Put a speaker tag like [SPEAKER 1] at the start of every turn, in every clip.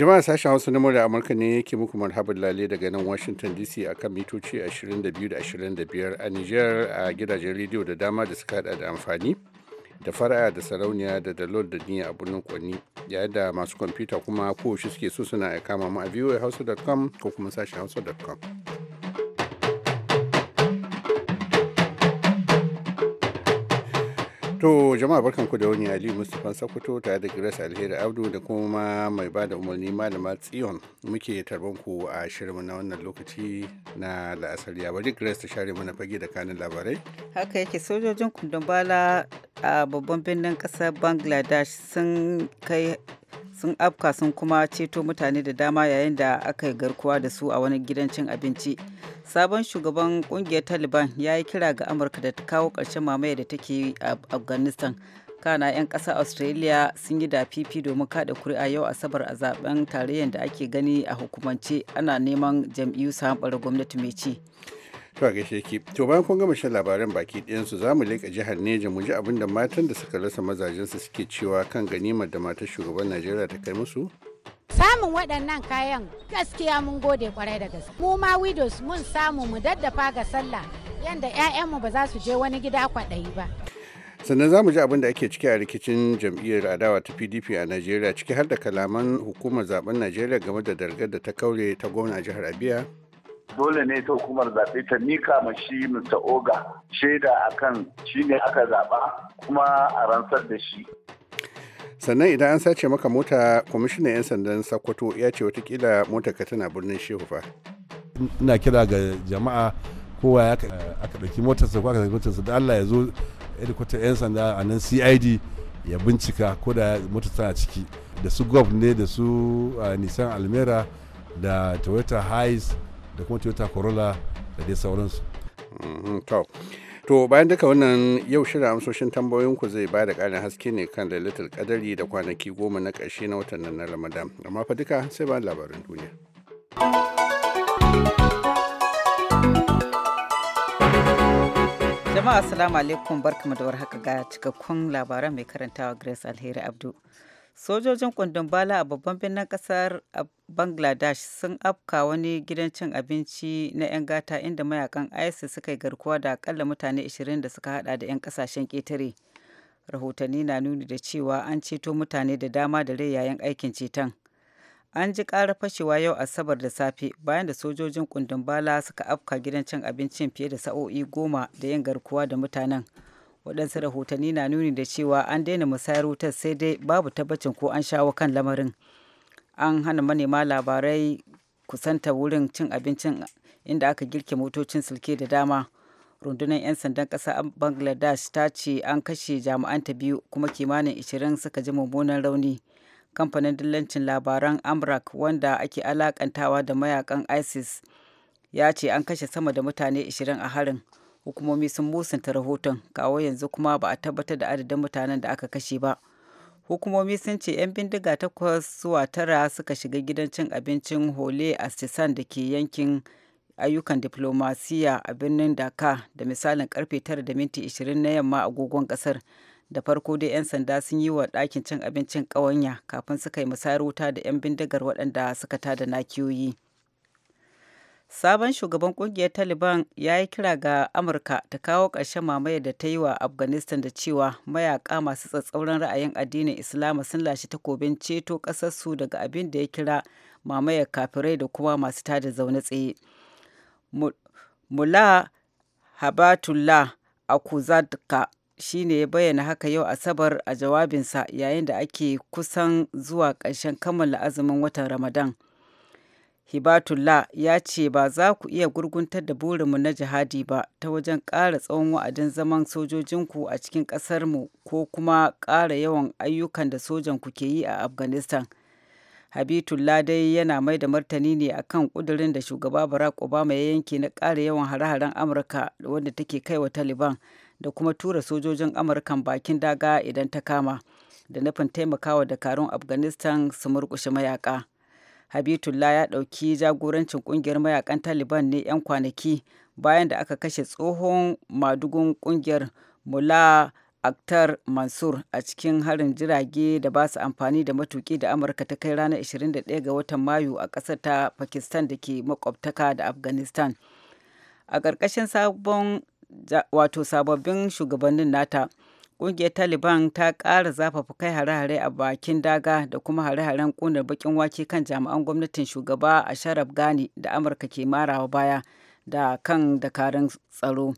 [SPEAKER 1] Jama'a sashen Hausa na murya Amurka ne yake muku marhaban lale daga nan Washington DC a kan mitoci 22 25 a niger a gidajen rediyo da dama da suka hada da amfani da fara'a da sarauniya da dalol da niyya a birnin Kwanni yayin da masu kwamfuta kuma kowace suke so suna aika mu a voahausa.com ko kuma sashen hausa.com. To jama'a barkan ku da wani Ali Mustapha Sokoto tare da Grace Alheri Abdu da kuma mai ba da umarni malama Tsion muke tarban ku a shirin na wannan lokaci na la'asari bari Grace ta share mana fage da kanin labarai.
[SPEAKER 2] Haka yake sojojin kundin bala a babban birnin kasar Bangladesh sun kai sun afka sun kuma ceto mutane da dama yayin da aka yi garkuwa da su a wani gidan cin abinci sabon shugaban kungiyar taliban ya yi kira ga amurka da ta kawo ƙarshen mamaya da take yi a afghanistan kana 'yan ƙasa australia sun yi da fifi domin kada kuri'a yau asabar a zaben tarayyar da ake gani a hukumance ana neman jam'iyyu su gwamnati mai ci
[SPEAKER 1] To a gaishe ki. To bayan kun gama shan labaran baki ɗayansu za mu leƙa jihar Neja mu ji abin da matan da suka rasa mazajen su suke cewa kan ganimar da matar shugaban Najeriya ta kai musu.
[SPEAKER 2] Samun waɗannan kayan gaskiya mun gode kwarai da gaske. Mu ma widows mun samu mu daddafa ga sallah yanda 'ya'yanmu ba za su je wani gida kwaɗayi ba.
[SPEAKER 1] sannan za mu ji abin da ake ciki a rikicin jam'iyyar adawa ta pdp a najeriya ciki har da kalaman hukumar zaben najeriya game da dargar da ta kaure ta gwamna jihar abia
[SPEAKER 3] dole ne ta hukumar zaɓe ta nika ma shi Mr. Oga
[SPEAKER 4] shaida akan shi ne aka zaba kuma a rantsar da shi.
[SPEAKER 1] sannan idan an sace maka mota kwamishinan 'yan sandan sokoto ya ce watakila mota ka tana birnin shehu fa
[SPEAKER 5] ina kira ga jama'a kowa ya aka ɗauki motarsa ko aka ɗauki motarsa da allah ya zo hedikwatar 'yan sanda a nan cid ya bincika ko da motar tana ciki da su gov ne da su ah, nisan almera da toyota hiace da kuma toyota corolla da dai sauransu
[SPEAKER 1] mm, to bayan duka wannan yau shirin amsoshin tambayoyinku zai ba da ƙarin haske ne kan lalatar kadari da kwanaki goma na ƙarshe na watan nan na ramadan amma fa duka sai ba labarin duniya
[SPEAKER 2] jama'a assalamu alaikum barkamu da warhaka ga cikakkun labaran mai karantawa grace alheri abdu sojojin kundin bala a babban birnin kasar bangladesh sun afka wani gidan cin abinci na 'yan gata inda mayakan isis suka yi garkuwa da akalla mutane 20 da suka hada da 'yan kasashen ketare rahotanni na nuni da cewa an ceto mutane da dama da rai yayin aikin ceton an ji ƙara fashewa yau asabar da safe bayan da sojojin kundin bala suka afka gidan cin abincin fiye da sa'o'i goma da yin garkuwa da mutanen waɗansu rahotanni na nuni da cewa an daina musayar wutar sai dai babu tabbacin ko an shawo kan lamarin an hana manema labarai kusanta wurin cin abincin inda aka girke motocin sulke da dama rundunar 'yan sandan ƙasa bangladesh ta ce an kashe jami'anta biyu kuma kimanin ishirin suka ji mummunan rauni kamfanin dillancin labaran amrak wanda ake alakantawa da mayakan isis ya ce an kashe sama da mutane 20 a harin hukumomi sun musanta rahoton kawo yanzu kuma ba a tabbatar da adadin mutanen da aka kashe ba hukumomi sun ce 'yan bindiga takwas zuwa tara suka shiga gidan cin abincin hole a sisan da ke yankin ayyukan diplomasiya a birnin daka da misalin karfe da minti 9:20 na yamma agogon kasar da farko dai 'yan sanda sun yi wa ɗakin cin abincin ƙawanya kafin suka yi musayar wuta da 'yan bindigar waɗanda suka tada nakiyoyi. sabon shugaban kungiyar taliban ya yi kira ga amurka ta kawo ƙarshen mamayar da ta yi wa afghanistan da cewa mayaka masu tsatsauran ra'ayin addinin islama sun lashe takobin ceto ƙasarsu daga abin da ya kira mamayar kafirai da kuma masu tada zaune tsaye mula habatullah akuzadka ne ya bayyana haka yau asabar a jawabinsa yayin da ake kusan zuwa ƙarshen kammala azumin watan ramadan Hibatullah ya ce ba za ku iya gurguntar da burinmu na jihadi ba ta wajen ƙara tsawon wa'adin zaman sojojinku a cikin ƙasarmu ko kuma ƙara yawan ayyukan da sojan ku ke yi a Afghanistan. Habitullah dai yana mai da martani ne a kan ƙudurin da shugaba Barack Obama ya yanke na ƙara yawan hare-haren Amurka wanda take kai wa Taliban da kuma tura sojojin Amurkan bakin daga idan ta kama da nufin taimakawa dakarun Afghanistan su murƙushe mayaka. habitullah ya ɗauki jagorancin ƙungiyar mayakan taliban ne 'yan kwanaki bayan da aka kashe tsohon madugun ƙungiyar mula Akhtar Mansur a cikin harin jirage da ba su amfani da matuƙi da Amurka ta kai ranar 21 ga watan Mayu a ƙasar ta Pakistan da ke makwabtaka da Afghanistan. A ƙarƙashin sabon wato sababbin shugabannin nata, ƙungiyar taliban ta ƙara zafafa kai hare-hare a bakin daga da kuma hare-haren ƙunar bakin wake kan jami'an gwamnatin shugaba a sharaf gani da amurka ke marawa baya da kan dakarun tsaro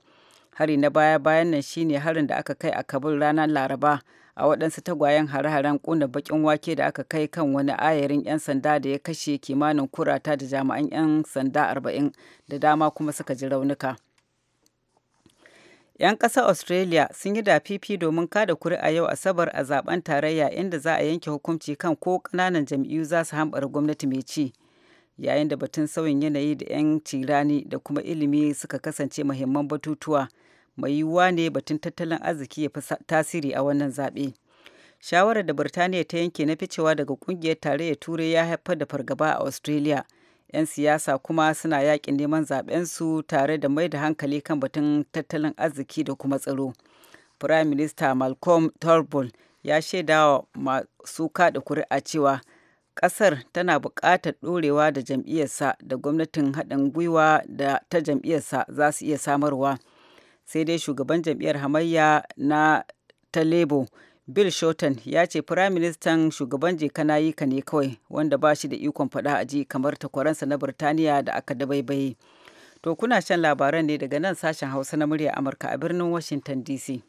[SPEAKER 2] hari na baya-bayan nan shine harin da aka kai a kabul ranar laraba a waɗansu tagwayen hare-haren ƙunar bakin wake da aka kai kan wani ayarin 'yan sanda da ya kashe kimanin kurata da jami'an 'yan sanda 40 da dama kuma suka ji raunuka. 'Yan ƙasar Australia sun yi dafifi domin kada kuri'a yau Asabar a zaben tarayya inda za a yanke hukunci kan ko ƙananan jam'iyyu za su hambara gwamnati mai ci. Yayin da batun sauyin yanayi da 'yan cirani da kuma ilimi suka kasance mahimman batutuwa, mai yiwuwa ne batun tattalin arziki ya fi tasiri a wannan zaɓe. Shawarar da Birtaniya ta yanke na ficewa daga ƙungiyar tarayyar Turai ya haifar da fargaba a Australia. 'yan siyasa kuma suna yakin neman zaɓensu tare da mai da hankali kan batun tattalin arziki da kuma tsaro prime minister malcolm turnbull ya shaidawa masu kaɗa kuri'a cewa ƙasar tana buƙatar ɗorewa da jam'iyyarsa da gwamnatin haɗin gwiwa da ta jam'iyyarsa za su iya samarwa sai dai shugaban jam'iyyar hamayya na ta labour bill shorten ya ce firaministan shugaban Jeka na ka ne kawai wanda ba shi da ikon faɗa a ji kamar takwaransa na birtaniya da aka dabaibaye to kuna shan labaran ne daga nan sashen hausa na murya amurka a birnin washington dc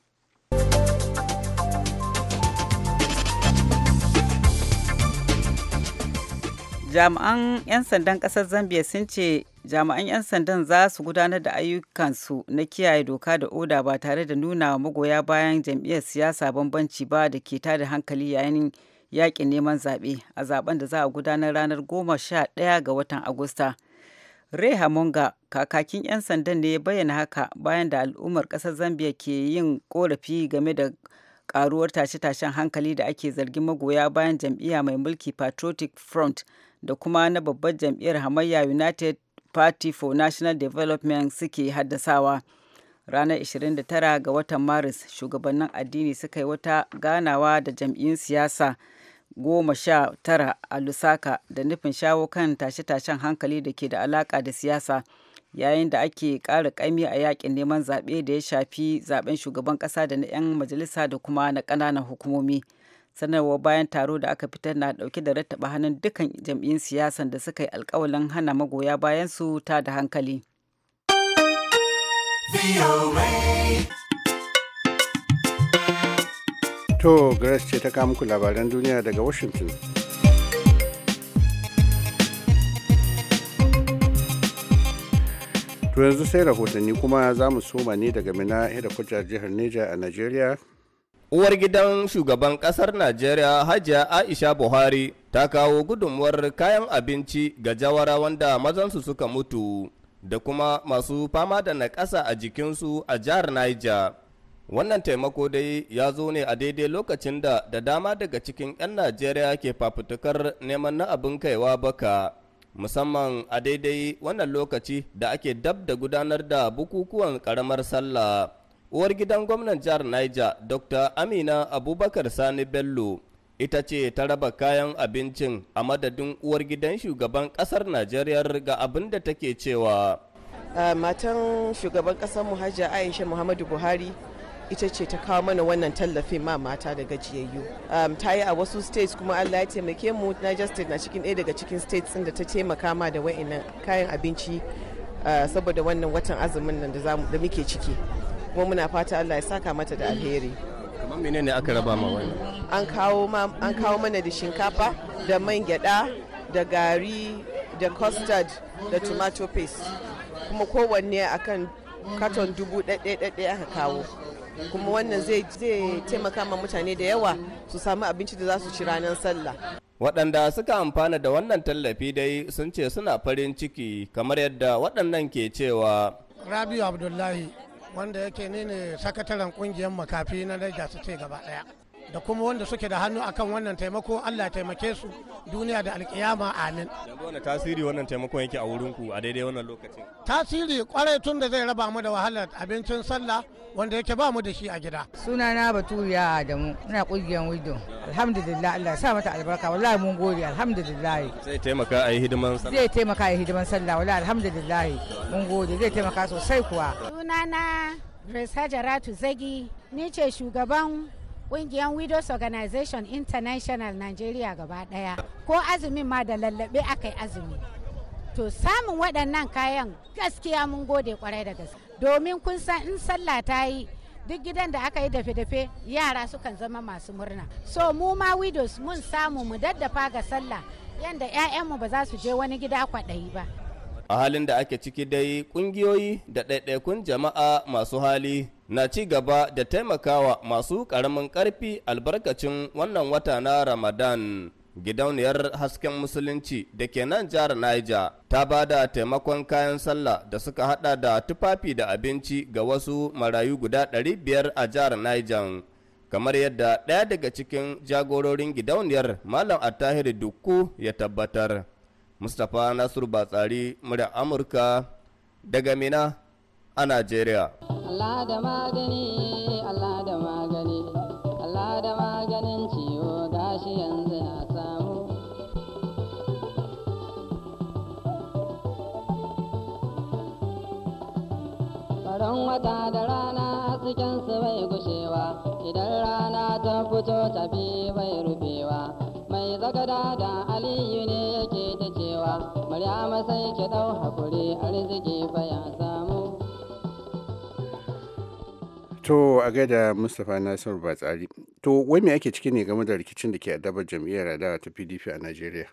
[SPEAKER 2] jami'an 'yan sandan kasar zambia sun ce jami'an 'yan sandan za su gudanar da ayyukansu na kiyaye doka da oda ba tare da nuna wa magoya bayan jam'iyyar siyasa bambanci ba da ke tada hankali yayin yakin neman zaɓe a zaben da za a gudanar ranar goma sha ɗaya ga watan agusta ray hamonga kakakin 'yan sandan ne ya bayyana haka bayan da al'ummar ƙasar zambia ke yin korafi game da karuwar tashe-tashen hankali da ake zargin magoya bayan jam'iyya mai mulki patriotic front da kuma na babbar jam'iyyar hamayya united party for national development suke haddasawa ranar 29 ga watan maris shugabannin addini suka yi wata ganawa da jam'iyyun siyasa goma sha tara a lusaka da nufin shawo kan tashe-tashen hankali da ke da alaƙa da siyasa yayin da ake ƙara ƙaimi a yakin neman zaɓe da ya shafi zaɓen shugaban ƙasa da na 'yan majalisa da kuma na ƙananan hukumomi. sanarwar bayan taro da aka fitar na dauke da rattaba hannun dukkan jam'iyyun siyasan da suka yi alkawalin hana magoya bayan su ta da hankali
[SPEAKER 1] to grace ce ta kamuku labaran duniya daga washington to yanzu sai rahotanni kuma za mu soma ne daga mina da kujar jihar neja a najeriya uwar gidan shugaban ƙasar najeriya hajiya
[SPEAKER 6] aisha buhari ta kawo gudunmuwar kayan abinci ga jawara wanda mazansu suka mutu da kuma masu fama da naƙasa a jikinsu a jihar niger wannan taimako dai ya zo ne a daidai lokacin da da dama daga cikin 'yan najeriya ke fafutukar neman na abin kaiwa baka musamman a daidai wannan lokaci da ake dab da gudanar da bukukuwan ƙaramar sallah uwar gidan gwamnan jihar niger dr amina abubakar sani bello ita ce ta raba kayan abincin a madadin uwar gidan shugaban kasar najeriya ga abin da take cewa
[SPEAKER 2] matan shugaban kasar muhajja aisha muhammadu buhari ita ce ta kawo mana wannan tallafin ma mata da gajiyayyu ta yi a wasu states kuma allah ya taimake mu niger state na cikin ɗaya daga cikin states da ta taimaka ma da wa'in kayan abinci saboda wannan watan azumin nan da muke ciki kuma muna fata Allah ya saka mata da alheri
[SPEAKER 6] kamar menene aka raba ma wani
[SPEAKER 2] an kawo mana da shinkafa da man gyada da gari da custard da tomato paste kuma kowanne akan katon dubu ɗaɗɗe aka kawo kuma wannan zai taimaka ma mutane da yawa su samu abinci da za su ci ranar sallah
[SPEAKER 6] waɗanda suka amfana da wannan tallafi dai sun ce suna farin ciki kamar yadda waɗannan ke cewa
[SPEAKER 3] rabiu abdullahi wanda yake ne ne sakataren kungiyar makafi na Niger ce gaba daya. da kuma wanda suke da hannu akan wannan taimako Allah taimake su duniya da alkiyama amin
[SPEAKER 6] yanzu wani tasiri wannan taimakon yake a wurin ku a daidai wannan lokacin
[SPEAKER 3] tasiri kwarai tun da zai raba mu da wahalar abincin sallah wanda
[SPEAKER 2] yake ba mu da shi a gida sunana baturiya adamu ina kungiyar widow alhamdulillah Allah ya sa mata albarka wallahi mun gode alhamdulillah
[SPEAKER 6] zai taimaka a yi hidiman sallah zai
[SPEAKER 2] taimaka a yi hidiman sallah wallahi alhamdulillah mun gode zai taimaka sosai kuwa sunana Grace Hajaratu Zagi ni ce shugaban kungiyar widows organization international nigeria gaba daya ko azumin ma da lallabe aka yi azumi to samun waɗannan kayan gaskiya mun gode kwarai da gaske domin kun san in sallah ta yi duk gidan da aka yi dafe-dafe yara sukan zama masu murna so mu ma widows mun samu mu daddafa ga sallah yadda 'ya'yanmu ba za su je wani gida kwaɗayi ba
[SPEAKER 6] a halin da ake ciki dai kungiyoyi da ɗaiɗaikun jama'a masu hali na ci gaba da taimakawa masu ƙaramin ƙarfi albarkacin wannan wata na Ramadan. Gidauniyar hasken musulunci da ke nan jihar Niger ta ba da taimakon kayan sallah da suka hada da tufafi da abinci ga wasu marayu guda 500 a jihar Niger. kamar yadda ɗaya daga cikin jagororin gidauniyar Malam Attahir Dukku ya tabbatar. Mustapha Nasiru Batsari, murya Amurka, daga Mina a Najeriya.
[SPEAKER 2] Allah da magani Allah da magani Allah da maganin ciwo gashi yanzu na samu
[SPEAKER 7] Faran wata da rana su bai gushewa idan rana ta fito tafi bai rufewa
[SPEAKER 2] mai zagada da aliyu ne yake ta cewa Maryama sai ki ɗau hakuri arziki baya samu
[SPEAKER 1] To a gaida Mustapha Nasiru Batsari. To wai me ake ciki ne game da rikicin da ke addabar
[SPEAKER 8] jam'iyyar adawa ta PDP a Najeriya?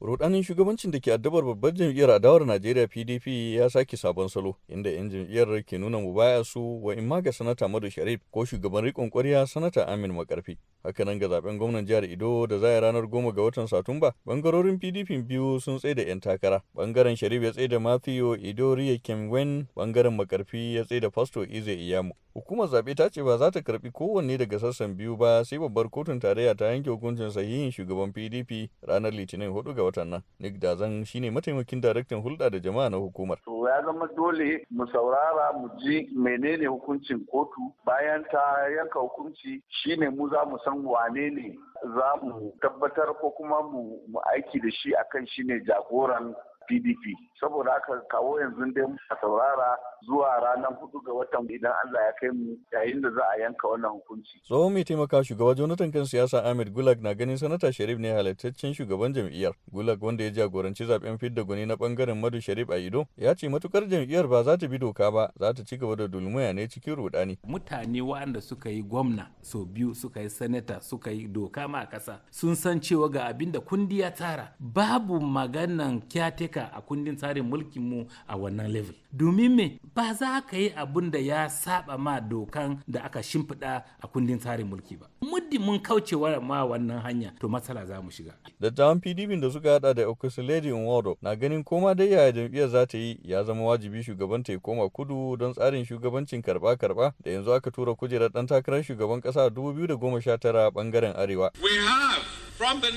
[SPEAKER 8] rudanin shugabancin da ke addabar babbar jam'iyyar adawar najeriya pdp ya sake sabon salo inda 'yan jam'iyyar ke nuna mu baya su wa imma ga sanata madu sharif ko shugaban rikon kwarya sanata amin makarfi hakanan ga zaben gwamnan jihar ido da zai ranar goma ga watan satumba bangarorin pdp biyu sun tsaye da 'yan takara bangaren sharif ya tsaye da mafiyo ido riya kemwen bangaren makarfi ya tsaye da fasto ize iyamu hukumar zaɓe ta ce ba za ta karɓi kowanne daga sassan biyu ba sai babbar kotun tarayya ta yanke hukuncin sahihin shugaban pdp ranar litinin 4 ga watan nan nick dazan shine mataimakin daraktan hulɗa da jama'a na hukumar
[SPEAKER 3] to ya zama dole mu saurara mu ji menene hukuncin kotu bayan ta yanka hukunci shine mu za mu san wane ne za mu tabbatar ko kuma mu aiki da shi akan shine jagoran PDP. Saboda haka kawo yanzu dai a saurara zuwa ranar hudu ga watan idan Allah ya kai mu yayin da za a yanka wannan hukunci.
[SPEAKER 8] Tsohon mai taimaka shugaba Jonathan kan siyasa Ahmed Gulag na ganin sanata Sharif ne halittaccen shugaban jam'iyyar. Gulag wanda ya jagoranci zaben fidda gwani na bangaren Madu Sharif a Ido ya ce matukar jam'iyyar ba za ta bi doka ba za ta ci gaba da dulmaya ne cikin rudani. Mutane waɗanda suka yi gwamna sau biyu suka yi sanata suka yi doka ma a ƙasa sun
[SPEAKER 4] san cewa ga abin da kundi ya tara babu maganan kyateka haka a kundin tsarin mulkin mu a wannan level domin me ba za ka yi abun da ya saba ma dokan da aka shimfiɗa a kundin tsarin
[SPEAKER 8] mulki ba muddin mun kaucewa ma wannan hanya to matsala za mu shiga dattawan pdp da suka hada da okusiledi nwodo na ganin koma dai yaya jam'iyyar za ta yi ya zama wajibi shugaban ta ya koma kudu don tsarin shugabancin karba karba da yanzu aka tura kujerar dan takarar shugaban kasa a 2019 bangaren arewa
[SPEAKER 1] From the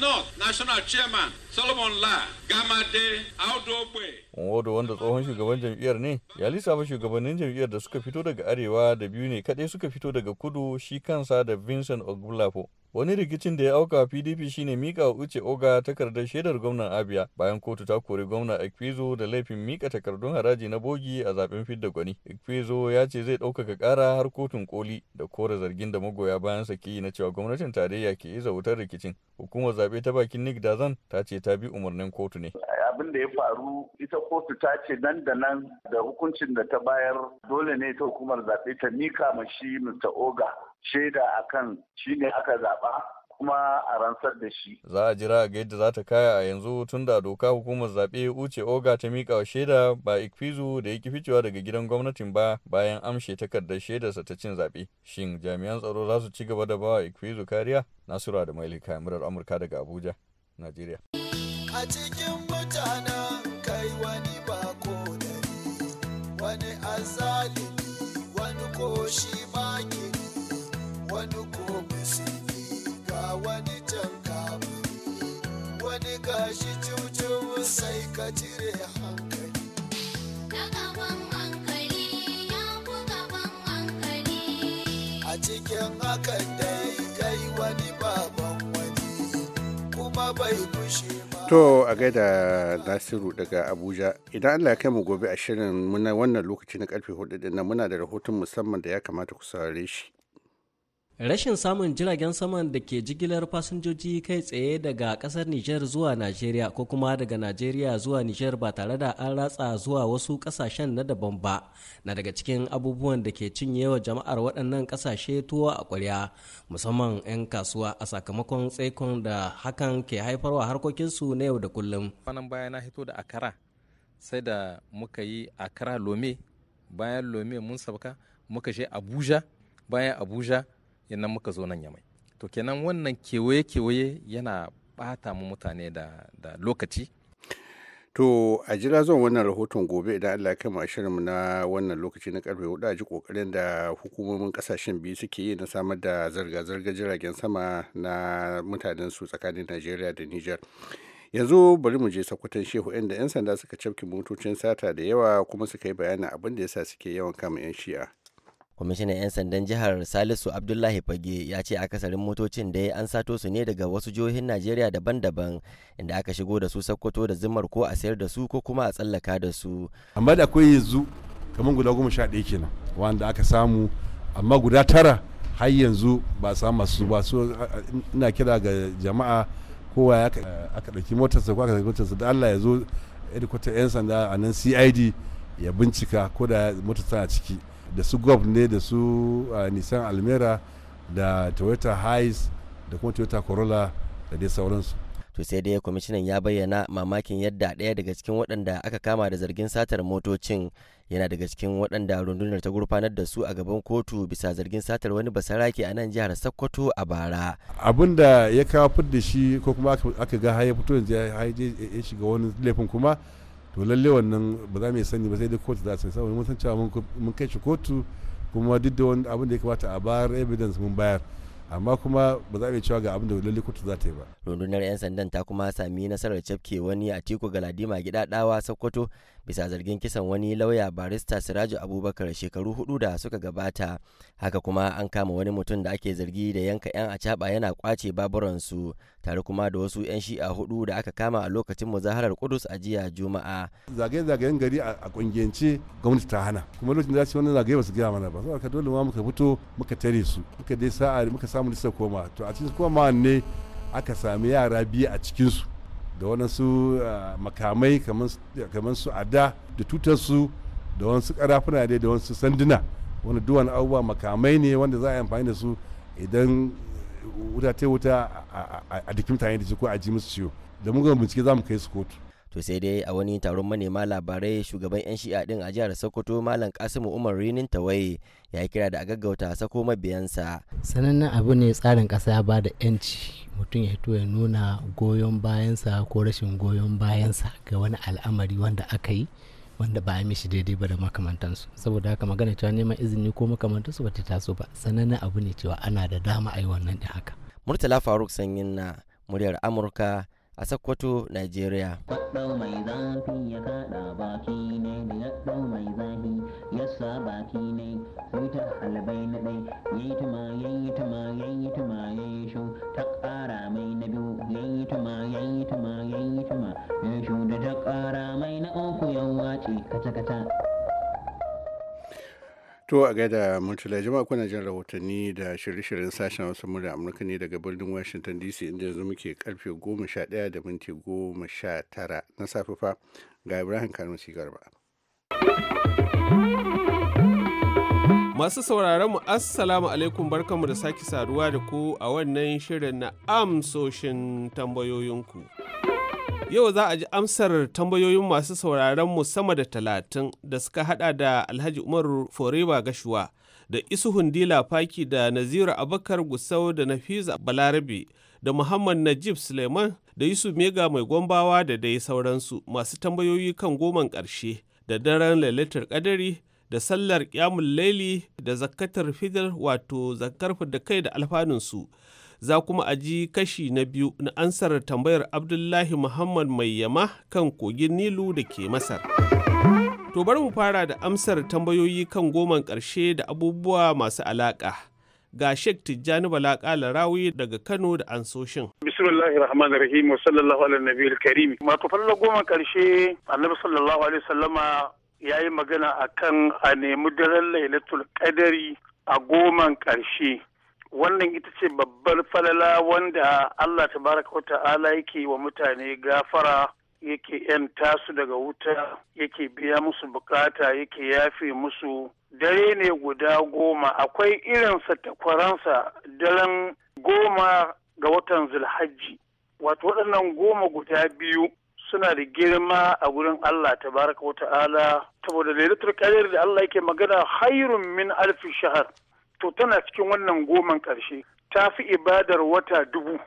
[SPEAKER 1] National Chairman Solomon La, Gamade, Audogbe.
[SPEAKER 8] wadda wanda tsohon shugaban jam'iyyar ne, ya lissafa shugabannin jam'iyyar da suka fito daga arewa da biyu ne kadai suka fito daga kudu shi kansa da Vincent Ogbulafo. wani rikicin da ya auka pdp shine mika uce oga takardar shaidar gwamnan abia bayan kotu ta kori gwamna ekpezo da laifin mika takardun haraji na bogi a zaben fidda gwani ekpezo ya ce zai ɗaukaka ƙara har kotun koli da kora zargin da magoya bayan sa ke na cewa gwamnatin tarayya ke iza wutar rikicin hukumar zaɓe ta bakin nick dazan ta ce ta bi umarnin kotu ne
[SPEAKER 3] abin da ya faru ita kotu ta ce nan da nan da hukuncin da ta bayar dole ne ta hukumar zaɓe ta mika ma shi Mr. Oga shaida akan shi ne aka zaɓa kuma a rantsar da shi.
[SPEAKER 8] Za a jira ga yadda za ta kaya a yanzu tun da doka hukumar zaɓe Uche Oga ta mika wa shaida ba Ikfizu da ya ficewa daga gidan gwamnatin ba bayan amshe takardar shaidarsa ta cin zaɓe. Shin jami'an tsaro za su ci gaba da bawa Ikfizu kariya? Nasura da Mailika, Kamilar Amurka daga Abuja, Najeriya.
[SPEAKER 9] A mutanen kai wani bako dari wani azalimi wani koshi shi wani ko ga wani can kamuri wani gashi cucu sai ka cire hankali a cikin hakan
[SPEAKER 1] To a gaida Nasiru daga Abuja, idan Allah ya kai mu gobe a shirin muna wannan lokaci na karfe hudu din muna da rahoton musamman da ya kamata ku saurare shi.
[SPEAKER 9] Rashin samun jiragen saman da ke jigilar fasinjoji kai tsaye daga kasar niger zuwa nigeria ko kuma daga nigeria zuwa niger ba tare da an ratsa zuwa wasu kasashen na daban ba na daga cikin abubuwan da ke cinyewa jama'ar waɗannan kasashe tuwo a ƙwarya musamman 'yan kasuwa a sakamakon tsaikon da hakan ke haifarwa harkokinsu na yau da kullum.
[SPEAKER 7] Kwanan baya na hito da akara sai da muka yi akara lome bayan lome mun sabka muka je Abuja bayan Abuja nan muka zo nan yamai to kenan wannan kewaye-kewaye yana bata mu mutane da, da
[SPEAKER 1] lokaci To a jira zuwan wannan rahoton gobe idan Allah ya kama mu na wannan lokaci na karfe hudu a ji kokarin da hukumomin kasashen biyu suke yi na samar da zarga zirga jiragen sama na mutanen su tsakanin nigeria da Niger. Yanzu bari mu je sakwatan shehu inda 'yan sanda suka cafke motocin sata da yawa kuma suka yi bayanin abin da yasa suke yawan kama 'yan shi'a.
[SPEAKER 9] kwamishinan 'yan sandan jihar salisu abdullahi fage ya ce akasarin motocin da an sato su ne daga wasu jihohin najeriya daban-daban inda aka shigo da su sakkwato da zimmar ko a sayar da su ko kuma a tsallaka da su
[SPEAKER 5] amma da akwai yanzu kamar guda goma sha ɗaya kenan wanda aka samu amma guda tara har yanzu ba a samu masu ba su ina kira ga jama'a kowa aka ɗauki motarsa ko aka ɗauki motarsa da allah ya zo hedikwatar 'yan sanda a nan cid ya bincika ko da motar tana ciki da su gov ne da su nisan almera da toyota hiace da kuma toyota corolla da dai
[SPEAKER 9] sauransu to sai dai kwamishinan ya bayyana mamakin yadda daya daga cikin waɗanda aka kama da zargin satar motocin yana daga cikin waɗanda rundunar ta gurfanar da su a gaban kotu bisa zargin
[SPEAKER 5] satar wani basarake a nan jihar sokoto a bara abin da ya kawo da shi ko kuma aka ga ya fito yanzu ya shiga wani laifin kuma to lalle wannan ba za mu yi sani ba sai dai kotu za su saboda mun san cewa mun kai shi kotu kuma duk da wani abin da ya kamata a bayar evidence mun bayar amma kuma ba za mu cewa ga abin da lalle kotu za ta yi ba rundunar
[SPEAKER 9] 'yan sandan ta kuma sami nasarar cafke wani a galadima galadima dawa sokoto bisa zargin kisan wani lauya barista siraju abubakar shekaru hudu da suka gabata haka kuma an kama wani mutum da ake zargi da yanka 'yan caba yana kwace baburansu tare kuma da
[SPEAKER 5] wasu 'yan shi'a hudu da aka kama a lokacin muzaharar kudus a jiya juma'a zagaye-zagayen gari a kungiyance gwamnati ta hana kuma lokacin da su wani zagaye ba su gaya mana ba ka dole ma muka fito muka tare su muka dai sa'a muka samu da koma to a cikin koma ne aka sami yara biyu a cikinsu da waɗansu eh, makamai kamar su ada da tutarsu da wasu karafuna dai da wasu sanduna wani duwan abubuwa makamai ne wanda za a yi amfani da su idan wuta ta wuta a dukkan mutane da ko a ji musu ciwo da muka bincike za mu kai su kotu to sai dai a wani taron manema labarai
[SPEAKER 9] shugaban 'yan shi'a din a jihar sokoto malam kasimu umar rinin tawaye ya yi kira da a gaggauta sako mabiyansa sanannen abu ne tsarin kasa ya ba da 'yanci mutum ya hito ya nuna goyon bayansa ko rashin goyon bayansa ga wani al'amari wanda aka yi wanda ba a mishi daidai ba da makamantansu saboda haka magana cewa neman izini ko makamantansu ba ta taso ba sanannen abu ne cewa ana da dama a yi wannan da haka murtala faruk sanyin na muryar amurka a Sokoto, Najeriya. mai zafi ya sa baki ne na ɗai ya yi
[SPEAKER 1] To a gaida Murtala jama'a kuna jin rahotanni da shirye-shiryen sashen wasu murya Amurka ne daga birnin Washington DC inda yanzu muke karfe 11 da minti 19 na safe fa ga Ibrahim Kalmasi Garba.
[SPEAKER 7] Masu sauraron mu Assalamu alaikum barkanmu da sake saduwa da ku a wannan shirin na amsoshin tambayoyinku. Yau za a ji amsar tambayoyin masu sauraron mu sama da talatin da suka hada da Alhaji umar Foreba Gashuwa da isu hundila Faki da Naziru Abakar Gusau da Nafiza Balarabe da Muhammad Najib Suleiman da Yusuf Mega Mai Gombawa da dai sauransu masu tambayoyi kan goman ƙarshe da daren lalatar kadari da sallar kyamun laili da zakatar fidar wato zakar da kai da alfanunsu. za kuma a ji kashi na biyu na ansar tambayar abdullahi muhammad mai yama kan kogin nilu da ke masar to bari mu fara da amsar tambayoyi kan goman ƙarshe da abubuwa masu alaƙa ga shek tijjani balaƙa larawi daga kano da ansoshin
[SPEAKER 3] Bismillahi rahmanir rahim wa sallallahu ala nabiyil karim wato fallar goman ƙarshe annabi sallallahu alaihi ya yi magana a kan a nemi daren lailatul qadari a goman ƙarshe wannan ita ce babbar falala wanda Allah tabaraka wa ta'ala yake wa mutane gafara yake ‘yanta su daga wuta yake biya musu bukata yake yafe musu dare ne guda goma akwai irinsa takwaransa daren goma ga watan zulhajji wato waɗannan goma guda biyu suna da girma a wurin Allah Ta Baraka wa ta'ala saboda lailatul qadr da Allah yake magana hairun min alfi shahar to tana cikin wannan goman ƙarshe ta fi ibadar wata dubu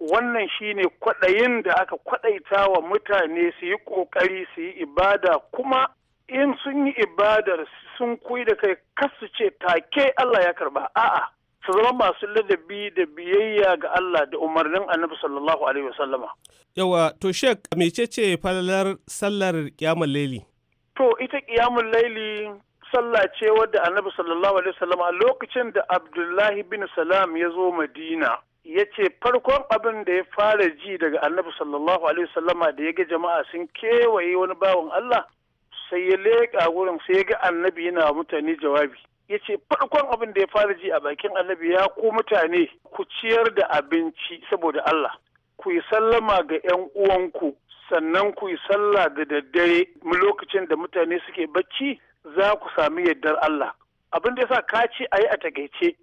[SPEAKER 3] wannan shine kwaɗayin da aka kwaɗaita wa mutane su yi ƙoƙari su yi ibada kuma in sun yi ibadar sun kuyi da kai kasu ce take Allah ya karba a'a su zama masu ladabi da biyayya ga Allah da umarnin annabi sallallahu alaihi wasallama
[SPEAKER 7] yawa to shek mecece falalar sallar kiyamul laili
[SPEAKER 3] to ita kiyamul laili sallah ce wadda annabi sallallahu alaihi wasallam a lokacin da abdullahi bin salam ya zo madina ya ce farkon abin da ya fara ji daga annabi sallallahu alaihi wasallam da ya ga jama'a sun kewaye wani bawan allah sai ya leƙa wurin sai ya ga annabi yana mutane jawabi ya ce farkon abin da ya fara ji a bakin annabi ya ku mutane ku ciyar da abinci saboda allah ku yi sallama ga 'yan uwanku sannan ku yi sallah da daddare lokacin da mutane suke bacci za ku sami yardar Allah abin da yasa ka ce ayi a takaice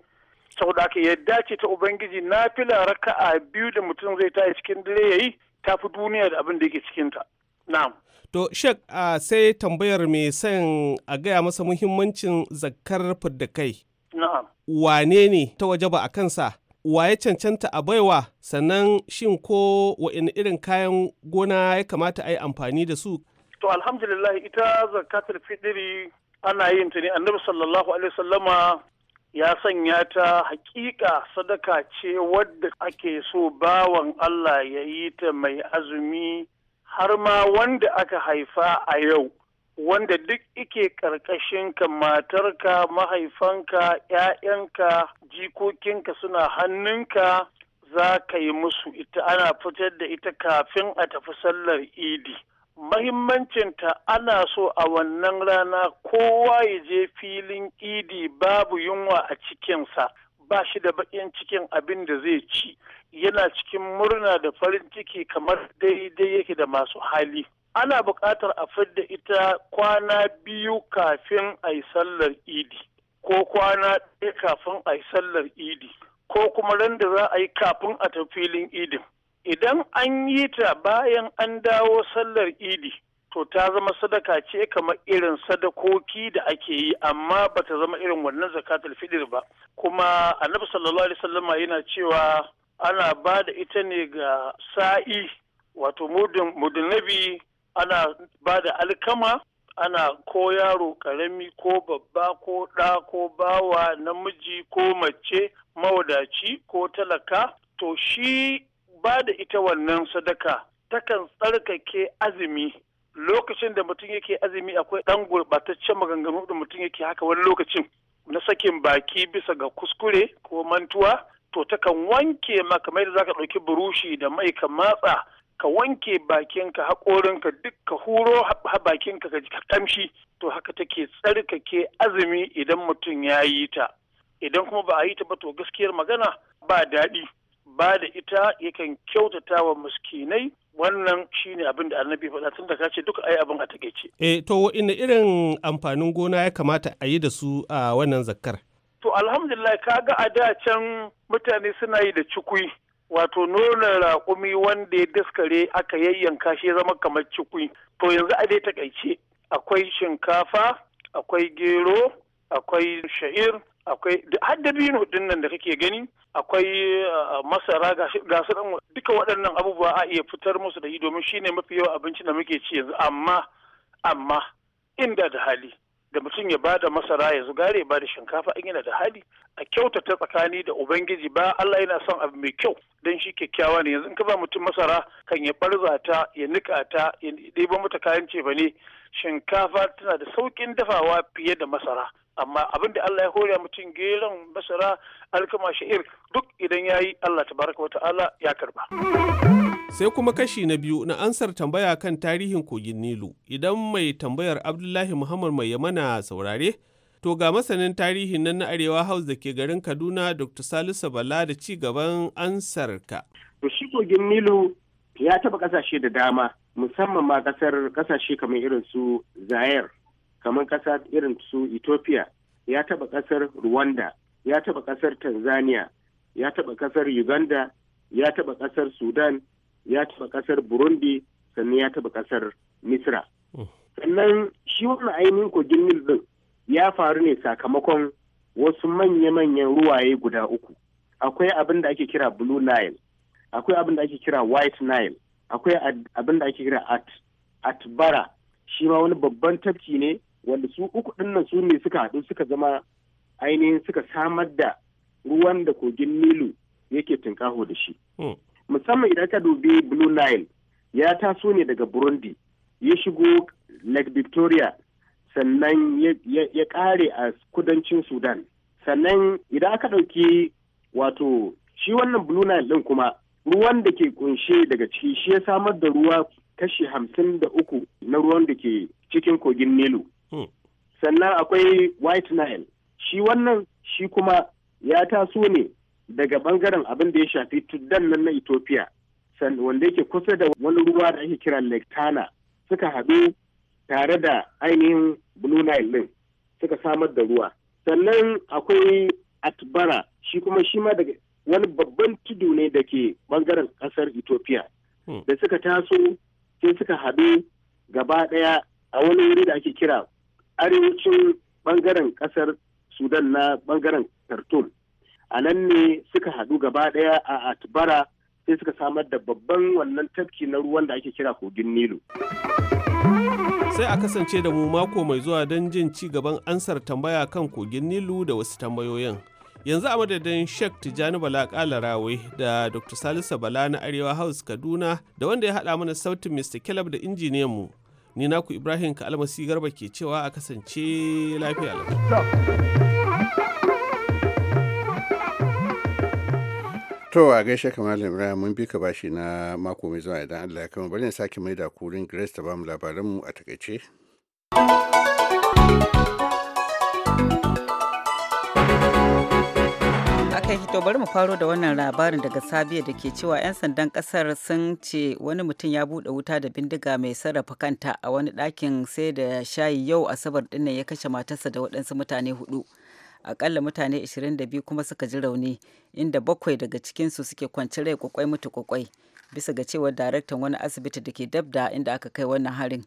[SPEAKER 3] saboda ka yadda ce ta ubangiji na fila a biyu da mutum zai ta cikin dare ya yayi tafi duniya da abin da yake cikin ta
[SPEAKER 7] na'am to shek a sai tambayar mai san a gaya masa muhimmancin zakar fidda kai na'am wane ne ta waje ba a kansa wa ya cancanta a baiwa sannan shin ko wa'in irin kayan gona ya kamata a yi amfani da su
[SPEAKER 3] to alhamdulillah ita zakatul fitri ana yin ta ne annabi sallallahu alaihi sallama ya sanya ta hakika sadaka ce wadda ake so bawan Allah ya yi ta mai azumi har ma wanda aka haifa a yau wanda duk ike ka matarka mahaifanka ‘ya'yanka jikokinka suna hannunka za ka yi musu ita ana fitar da ita kafin a tafi sallar idi mahimmancinta ana so a wannan rana kowa ya je filin idi babu yunwa a cikinsa ba shi da bakin cikin abin da zai ci yana cikin murna da farin ciki kamar daidai yake da masu hali ana buƙatar a fidda ita kwana biyu kafin a yi sallar idi ko kwana ɗaya kafin a yi sallar idi ko kuma randa za a yi kafin a tafi filin idin idan an yi ta bayan an dawo sallar idi to ta zama sadaka ce kamar irin sadakoki da ake yi amma ba ta zama irin wannan zakatul fidir ba kuma annabi sallallahu alaihi sallama yana cewa ana ba da ita ne ga sa'i wato mudun nabi ana ba da alkama ana ko yaro karami ko babba ko ɗa ko bawa namiji ko mace mawadaci ko talaka to shi ba da ita wannan sadaka takan tsarkake azumi lokacin da mutum yake azumi akwai ɗan gurɓataccen maganganu da mutum yake haka wani lokacin na sakin baki bisa ga kuskure ko mantuwa to takan wanke ma kamar yadda zaka ɗauki burushi da mai ka matsa ka wanke bakinka haƙorinka duk ka huro bakinka ka ji ƙamshi to haka take tsarkake azumi idan mutum ya yi ta idan kuma ba a yi ta ba to gaskiyar magana ba daɗi ba da ita yakan kyautata wa muskinai. wannan shine abin da annabi faɗa tun da kace duka ai abin a takeice.
[SPEAKER 7] Eh to inda irin amfanin gona ya kamata a yi da su a wannan zakkar?
[SPEAKER 3] To alhamdulillah kaga a da can mutane suna yi da cikui wato nuna raƙumi wanda ya daskare aka yayyanka shi zama kamar cikui. To yanzu a dai takaice akwai shinkafa, akwai gero, akwai sha'ir, akwai har da biyu din nan da kake gani akwai ah, masara ga su dan duka waɗannan abubuwa a iya fitar musu da yi domin shine mafi yawan abincin da muke ci yanzu amma amma inda da hali da mutum ya bada masara ya zugare ya bada shinkafa in yana da hali a kyautata tsakani da ubangiji ba Allah yana son abu mai kyau dan shi kyakkyawa ne yanzu in ka ba mutum masara kan ya barza ta ya nika ta ya ɗebo mata kayan ce ba ne shinkafa tana da saukin dafawa fiye da masara amma abin da Allah ya hore mutum geron masara alkama sha'ir duk idan ya yi Allah wata Allah ya karba.
[SPEAKER 7] Sai kuma kashi na biyu na ansar tambaya kan tarihin kogin Nilu idan mai tambayar Abdullahi Muhammad mai yamana saurare to ga masanin tarihin nan na Arewa House da ke garin Kaduna Dr. Salisu Bala da ci gaban ansarka.
[SPEAKER 4] To shi kogin Nilu ya taba kasashe da dama musamman ma kasar kasashe kamar irin su Zaire kamar kasa irin su ethiopia ya taɓa ƙasar rwanda ya taɓa ƙasar tanzania ya taɓa ƙasar uganda ya taɓa ƙasar sudan ya taɓa ƙasar burundi sannan ya taɓa ƙasar misra mm. sannan shi wannan ainihin kogin nil ɗin ya faru ne sakamakon wasu manya-manyan ruwaye guda uku akwai abin da ake kira blue nile akwai abin da ake kira white nile akwai abin da ake kira atbara shi ma wani babban tafki ne wanda su uku dinnan su ne suka haɗu suka zama ainihin suka samar da ruwan da kogin nilu yake tunkaho da shi hmm. musamman idan ka dubi blue nile ya taso ne daga burundi ya shigo lake victoria sannan ya ƙare a kudancin sudan sannan idan aka ɗauki wato shi wannan blue nile ɗin kuma ruwan da ke kunshe daga ciki shi ya samar da ruwa kashi hamsin da uku na ruwan da ke cikin kogin nilu Hmm. sannan akwai white nile shi wannan shi kuma ya taso ne daga bangaren abin da ya shafi tuddan nan na ethiopia wanda yake kusa da wani ruwa da ake kira lake suka haɗu tare da ainihin blue nile din suka samar da ruwa sannan akwai atbara shi kuma shi ma daga wani babban tudu ne da ke bangaren kasar ethiopia hmm. da suka taso sai suka haɗu gaba ɗaya a wani wuri da ake kira arewacin bangaren kasar sudan na bangaren khartoum a nan ne suka haɗu gaba ɗaya a atbara sai suka samar da babban wannan tafki na ruwan da ake kira kogin nilu sai a kasance da mu
[SPEAKER 7] mako mai zuwa don jin ci gaban ansar tambaya kan kogin nilu da wasu tambayoyin yanzu a madadin shek tijjani bala kalarawe da dr salisa bala na arewa house kaduna da wanda ya haɗa mana sautin mr caleb da injiniyan mu. ni naku ibrahim ka almasi garba ke cewa a kasance lafiya
[SPEAKER 1] To a gaishe kamar Ibrahim mun bi ka bashi na mako mai zuwa idan Allah ya kama bari na sake mai da kurin Grace ta bamu labaranmu a takaice.
[SPEAKER 2] kai hito bari mu faro da wannan labarin daga Sabiya da ke cewa 'yan sandan kasar sun ce wani mutum ya bude wuta da bindiga mai sarrafa kanta a wani dakin sai da shayi yau asabar dinnan ya kashe matarsa da waɗansu mutane hudu. Akalla mutane 22 kuma suka ji rauni inda bakwai daga cikinsu suke kwanci rai kwakwai mutu kwakwai bisa ga cewar daraktan wani asibiti da ke dabda inda aka kai wannan harin.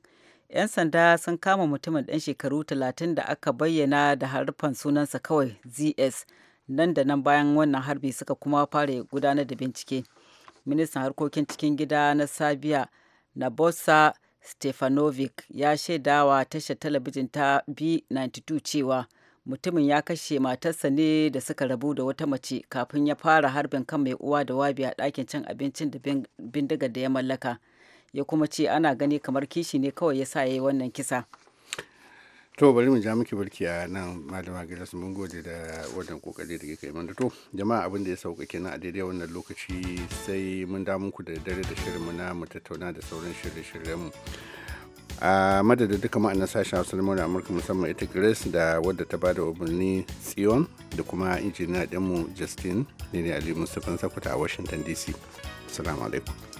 [SPEAKER 2] 'yan sanda sun kama mutumin ɗan shekaru 30 da aka bayyana da harfan sunansa kawai zs nan da nan bayan wannan harbi suka kuma fara gudanar da bincike ministan harkokin cikin gida na sabiya na bosa stefanovic ya shaidawa tashar talabijin ta b92 cewa mutumin ya kashe matarsa ne da suka rabu da wata mace kafin ya fara harbin kan mai uwa da wabi a ɗakin cin abincin da bindiga da ya mallaka ya kuma ce ana gani kamar kishi ne kawai ya sa ya yi wannan kisa
[SPEAKER 1] to bari mu ja muki barki a nan malama gilas mun gode da wannan kokari da kai yi mana to jama'a abin da ya sauka kenan a daidai wannan lokaci sai mun da muku da dare da shirin mu na mu tattauna da sauran shirye-shiryen mu a madadin duka ma'anar sashen hausa na amurka musamman ita grace da wadda ta bada umarni tsion da kuma injiniya ɗinmu justin ne ne ali mustapha sakuta a washington dc assalamu alaikum